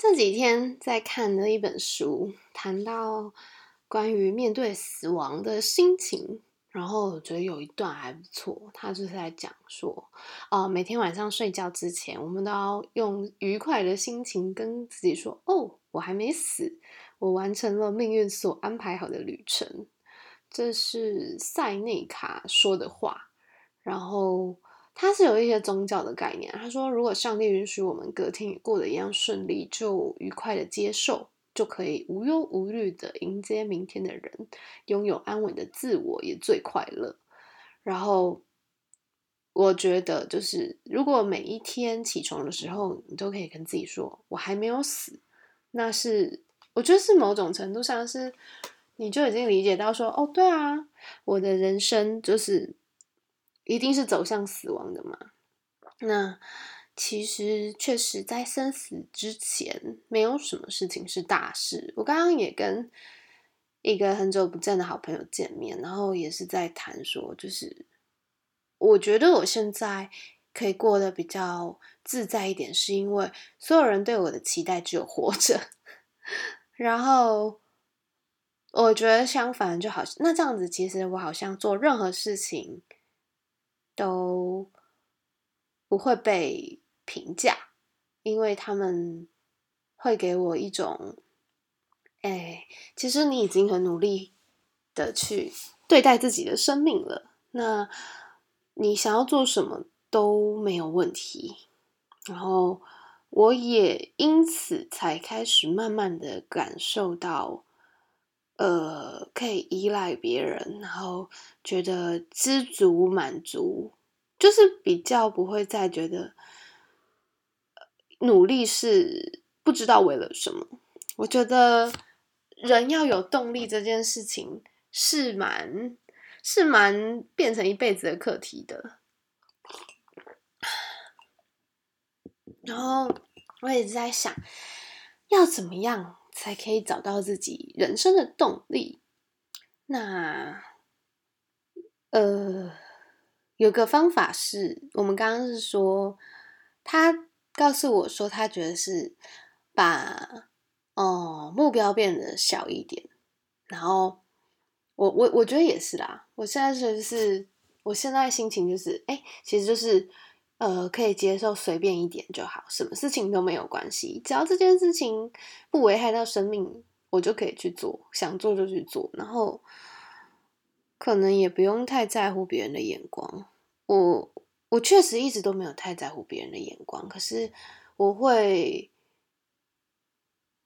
這幾天在看的一本書，談到關於面對死亡的心情，然後我覺得有一段還不錯，他就是在講說，呃，每天晚上睡覺之前，我們都要用愉快的心情跟自己說，哦，我還沒死，我完成了命運所安排好的旅程。這是塞內卡說的話，然後。他是有一些宗教的概念。他說：“如果上帝允許我們隔天也過得一樣順利，就愉快的接受，就可以無憂無慮的迎接明天的人，擁有安穩的自我也最快樂。”然後我覺得，就是如果每一天起床的時候，你都可以跟自己說：“我還沒有死。”那是我覺得是某種程度上是，你就已經理解到說：“哦，對啊，我的人生就是。”一定是走向死亡的嘛。那其實確實，在生死之前，沒有什麼事情是大事。我剛剛也跟一個很久不見的好朋友見面，然後也是在談說，就是我覺得我現在可以過得比較自在一點，是因為所有人對我的期待只有活着。然後我覺得相反，就好像那這樣子，其實我好像做任何事情。都不會被評價，因為他們會給我一種，哎，其實你已經很努力的去對待自己的生命了，那你想要做什麼都沒有問題。然後我也因此才開始慢慢的感受到。呃，可以依賴別人，然後覺得知足滿足，就是比較不會再覺得努力是不知道為了什麼。我覺得人要有動力這件事情是蠻是蠻變成一輩子的課題的。然後我也一直在想，要怎麼樣，才可以找到自己人生的動力。那，呃，有個方法是，我們剛剛是說，他告訴我說，他覺得是把哦、呃、目標變得小一點。然後，我我我覺得也是啦。我現在是就是，我現在心情就是，哎、欸，其實就是。呃，可以接受，隨便一點就好，什麼事情都沒有關係，只要這件事情不危害到生命，我就可以去做，想做就去做，然後可能也不用太在乎別人的眼光。我我確實一直都沒有太在乎別人的眼光，可是我會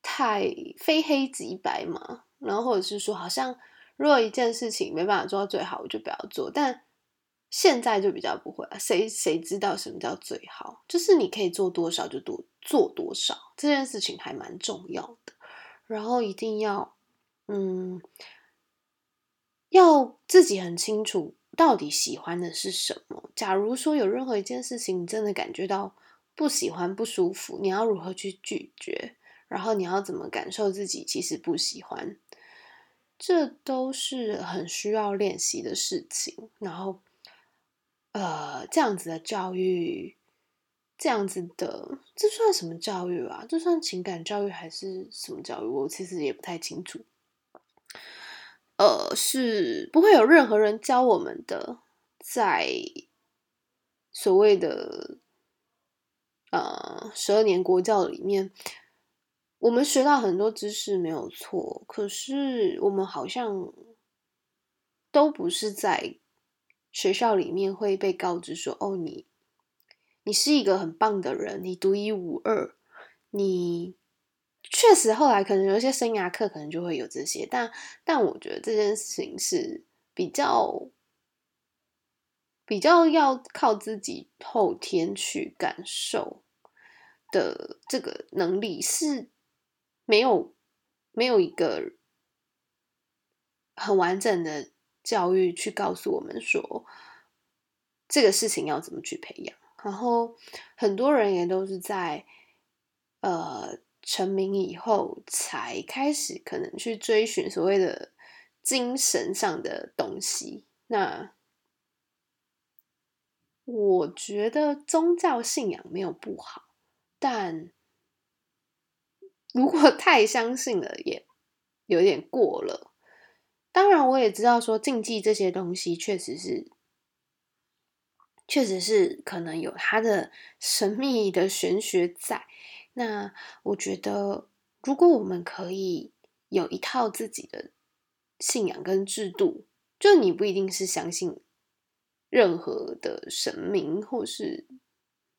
太非黑即白嘛，然後或者是說，好像如果一件事情沒辦法做到最好，我就不要做，但。現在就比較不會了啊，誰誰知道什麼叫最好？就是你可以做多少就多做多少，這件事情還蠻重要的。然後一定要，嗯，要自己很清楚到底喜歡的是什麼。假如說有任何一件事情，你真的感覺到不喜歡、不舒服，你要如何去拒絕？然後你要怎麼感受自己其實不喜歡？這都是很需要練習的事情。然後。呃，這樣子的教育，這樣子的，這算什麼教育啊？這算情感教育還是什麼教育？我其實也不太清楚。呃，是不會有任何人教我們的，在所謂的，呃，十二年國教裡面，我們學到很多知識沒有錯，可是我們好像都不是在。學校裡面會被告知說：“哦，你，你是一個很棒的人，你獨一無二，你確實後來可能有些生涯課可能就會有這些，但但我覺得這件事情是比較比較要靠自己後天去感受的，這個能力是沒有沒有一個很完整的。”教育去告訴我們說，這個事情要怎麼去培養，然後很多人也都是在呃成名以後才開始可能去追尋所謂的精神上的東西。那我覺得宗教信仰沒有不好，但如果太相信了，也有點過了。當然，我也知道說禁忌這些東西確實是，確實是可能有它的神秘的玄學在。那我覺得，如果我們可以有一套自己的信仰跟制度，就你不一定是相信任何的神明或是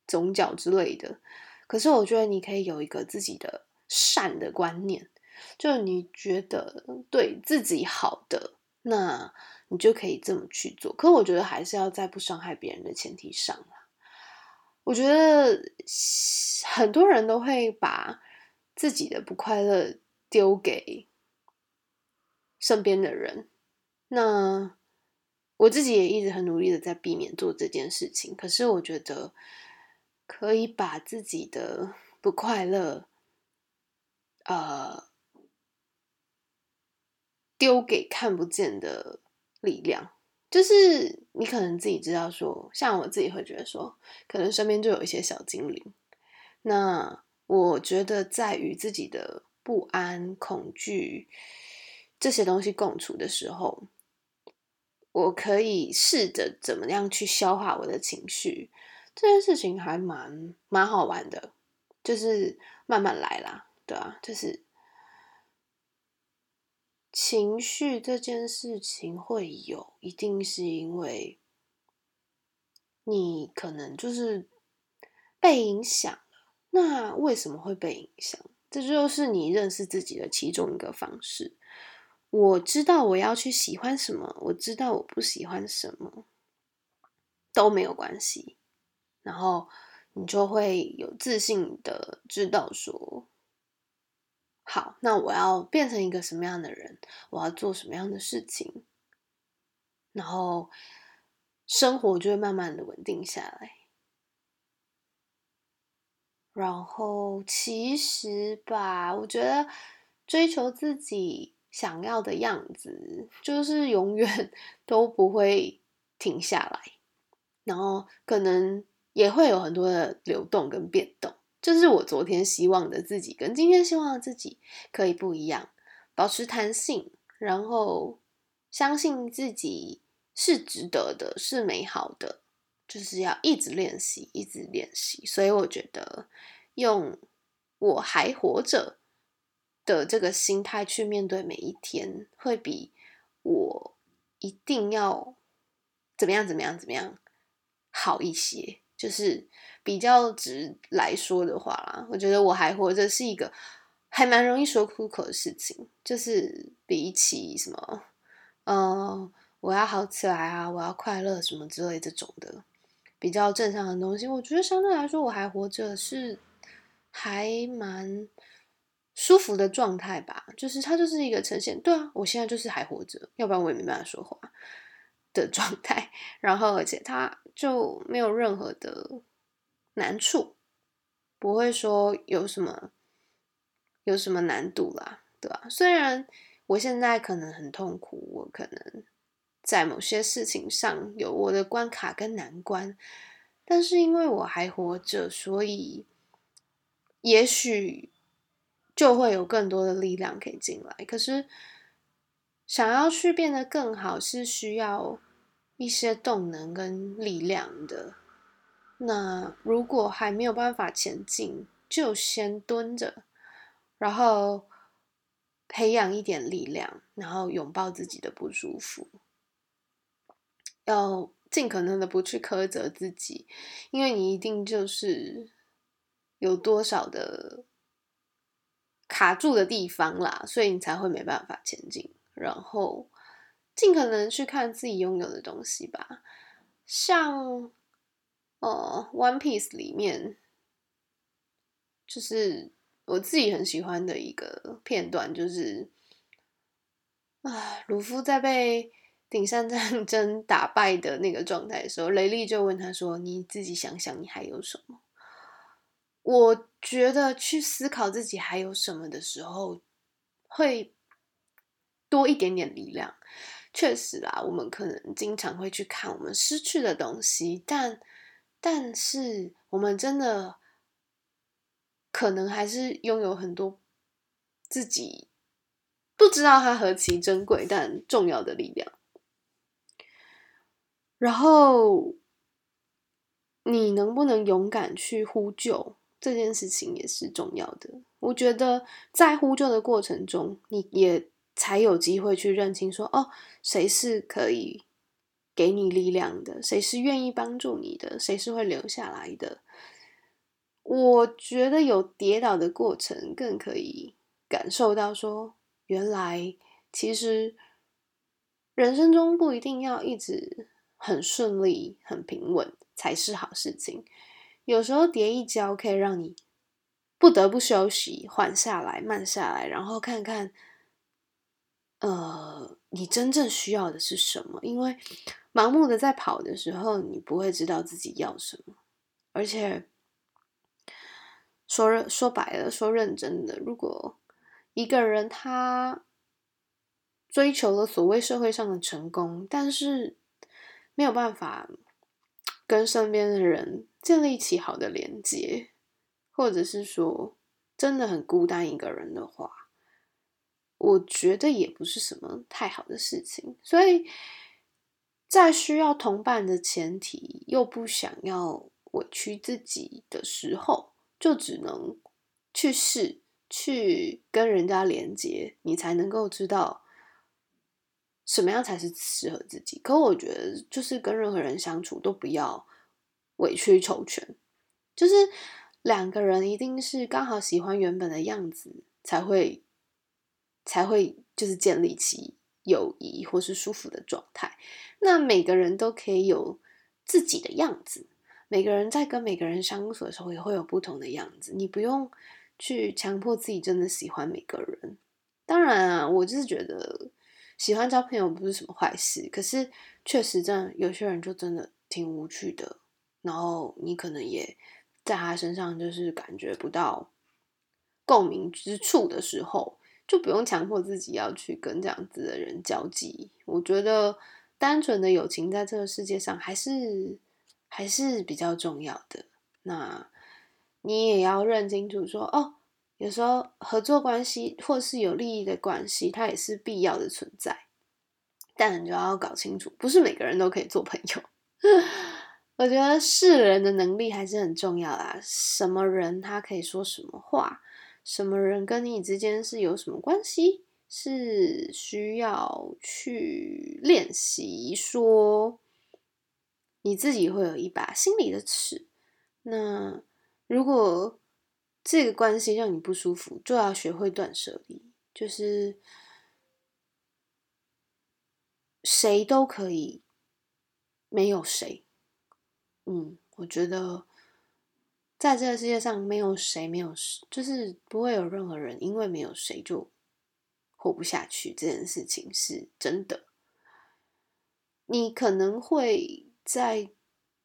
宗教之類的，可是我覺得你可以有一個自己的善的觀念。就你覺得對自己好的，那你就可以這麼去做。可我覺得還是要在不傷害別人的前提上啊。我覺得很多人都會把自己的不快樂丟給身邊的人。那我自己也一直很努力的在避免做這件事情。可是我覺得可以把自己的不快樂，呃。丟給看不見的力量，就是你可能自己知道說，像我自己會覺得說，可能身邊就有一些小精靈。那我覺得在與自己的不安、恐懼這些東西共處的時候，我可以試着怎麼樣去消化我的情緒，這件事情還蠻蠻好玩的，就是慢慢來啦，對啊，就是。情緒這件事情會有，一定是因為你可能就是被影響了。那為什麼會被影響？這就是你認識自己的其中一個方式。我知道我要去喜歡什麼，我知道我不喜歡什麼，都沒有關係。然後你就會有自信的知道說。好，那我要變成一個什麼樣的人？我要做什麼樣的事情？然後生活就會慢慢的穩定下來。然後其實吧，我覺得追求自己想要的樣子，就是永遠都不會停下來。然後可能也會有很多的流動跟變動。這是我昨天希望的自己，跟今天希望的自己可以不一樣，保持彈性，然後相信自己是值得的，是美好的，就是要一直練習，一直練習。所以我覺得用我還活着的這個心態去面對每一天，會比我一定要怎麼樣怎麼樣怎麼樣好一些。就是比較直來說的話啦，我覺得我還活着是一個還蠻容易說出口的事情。就是比起什麼，嗯，呃，我要好起來啊，我要快樂什麼之類這種的比較正常的東西，我覺得相對來說我還活着是還蠻舒服的狀態吧。就是它就是一個呈現，對啊，我現在就是還活着，要不然我也沒辦法說話的狀態。然後而且他。就沒有任何的難處，不會說有什麼有什麼難度啦，對吧、啊。雖然我現在可能很痛苦，我可能在某些事情上有我的關卡跟難關，但是因為我還活着，所以也許就會有更多的力量可以進來。可是想要去變得更好，是需要。一些動能跟力量的，那如果還沒有辦法前進，就先蹲着，然後培養一點力量，然後擁抱自己的不舒服。要盡可能的不去苛責自己，因為你一定就是有多少的卡住的地方啦，所以你才會沒辦法前進，然後。盡可能去看自己擁有的東西吧，像呃、哦、《One Piece》裡面，就是我自己很喜歡的一個片段，就是啊，魯夫在被頂上戰爭打敗的那個狀態的時候，雷利就問他說：“你自己想想，你還有什麼？”我覺得去思考自己還有什麼的時候，會多一點點力量。確實啦，我們可能經常會去看我們失去的東西，但但是我們真的可能還是擁有很多自己不知道它何其珍貴但重要的力量。然後你能不能勇敢去呼救，這件事情也是重要的。我覺得在呼救的過程中，你也，才有機會去認清說，說哦，誰是可以給你力量的，誰是願意幫助你的，誰是會留下來的。我覺得有跌倒的過程，更可以感受到說，原來其實人生中不一定要一直很順利、很平穩才是好事情。有時候跌一跤，可以讓你不得不休息、緩下來、慢下來，然後看看。呃，你真正需要的是什麼？因為盲目的在跑的時候，你不會知道自己要什麼。而且說說白了，說認真的，如果一個人他追求了所謂社會上的成功，但是沒有辦法跟身邊的人建立起好的連接，或者是說真的很孤單一個人的話。我覺得也不是什麼太好的事情，所以在需要同伴的前提，又不想要委屈自己的時候，就只能去試，去跟人家連接，你才能夠知道什麼樣才是適合自己。可我覺得，就是跟任何人相處都不要委曲求全，就是兩個人一定是剛好喜歡原本的樣子，才會。才會就是建立起友誼或是舒服的狀態。那每個人都可以有自己的樣子，每個人在跟每個人相處的時候也會有不同的樣子。你不用去強迫自己真的喜歡每個人。當然啊，我就是覺得喜歡交朋友不是什麼壞事。可是確實，真的有些人就真的挺無趣的。然後你可能也在他身上就是感覺不到共鳴之處的時候。就不用強迫自己要去跟這樣子的人交集。我覺得單純的友情在這個世界上還是還是比較重要的。那你也要認清楚說，說哦，有時候合作關係或是有利益的關係，它也是必要的存在。但你就要搞清楚，不是每個人都可以做朋友。 我覺得識人的能力還是很重要啦。什麼人他可以說什麼話。什麼人跟你之間是有什麼關係？是需要去練習說，你自己會有一把心裡的尺。那如果這個關係讓你不舒服，就要學會斷捨離，就是誰都可以，沒有誰。嗯，我覺得。在這個世界上，沒有誰沒有，就是不會有任何人，因為沒有誰就活不下去。這件事情是真的。你可能會在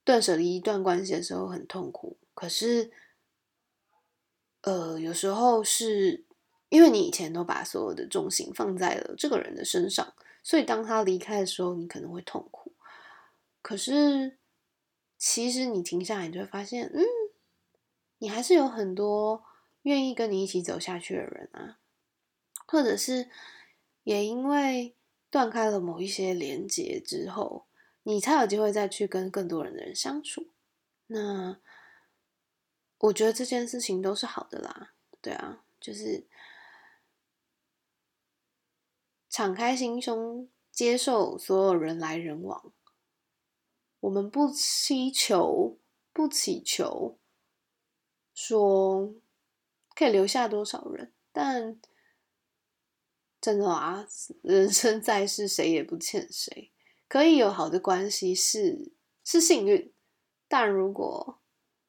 斷舍離一段關係的時候很痛苦，可是，呃，有時候是因為你以前都把所有的重心放在了這個人的身上，所以當他離開的時候，你可能會痛苦。可是，其實你停下來，你就會發現，嗯。你還是有很多願意跟你一起走下去的人啊，或者是也因為斷開了某一些連結之後，你才有機會再去跟更多人的人相處。那我覺得這件事情都是好的啦，對啊，就是敞開心胸，接受所有人來人往。我們不祈求，不祈求，說可以留下多少人，但真的啊，人生在世，誰也不欠誰，可以有好的關係是是幸運，但如果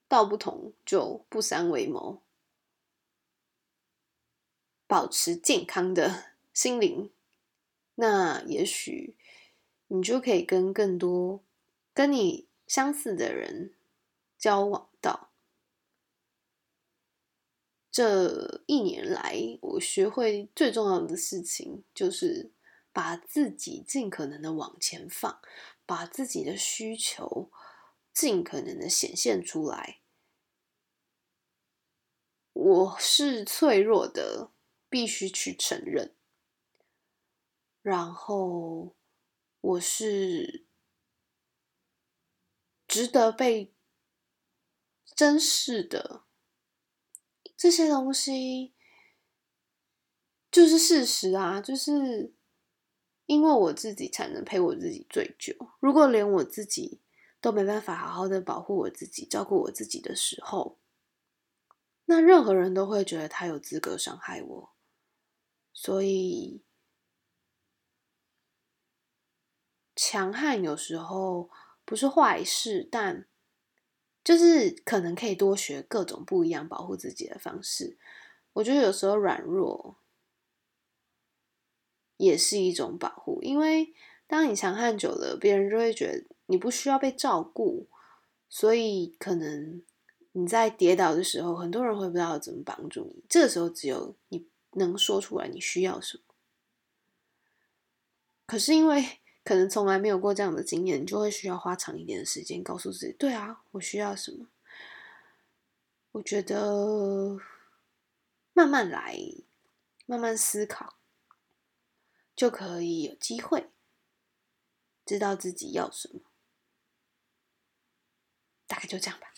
道不同，就不相為謀。保持健康的心靈，那也許你就可以跟更多跟你相似的人交往。這一年來，我學會最重要的事情就是把自己盡可能的往前放，把自己的需求盡可能的顯現出來。我是脆弱的，必須去承認。然後，我是值得被珍視的。這些東西就是事實啊！就是因為我自己才能陪我自己最久。如果連我自己都沒辦法好好的保護我自己、照顧我自己的時候，那任何人都會覺得他有資格傷害我。所以，強悍有時候不是壞事，但。就是可能可以多學各種不一樣保護自己的方式。我覺得有時候軟弱也是一種保護，因為當你強悍久了，別人就會覺得你不需要被照顧，所以可能你在跌倒的時候，很多人會不知道怎麼幫助你。這個時候只有你能說出來你需要什麼。可是因為。可能從來沒有過這樣的經驗，你就會需要花長一點的時間告訴自己，對啊，我需要什麼？我覺得慢慢來，慢慢思考，就可以有機會知道自己要什麼。大概就這樣吧。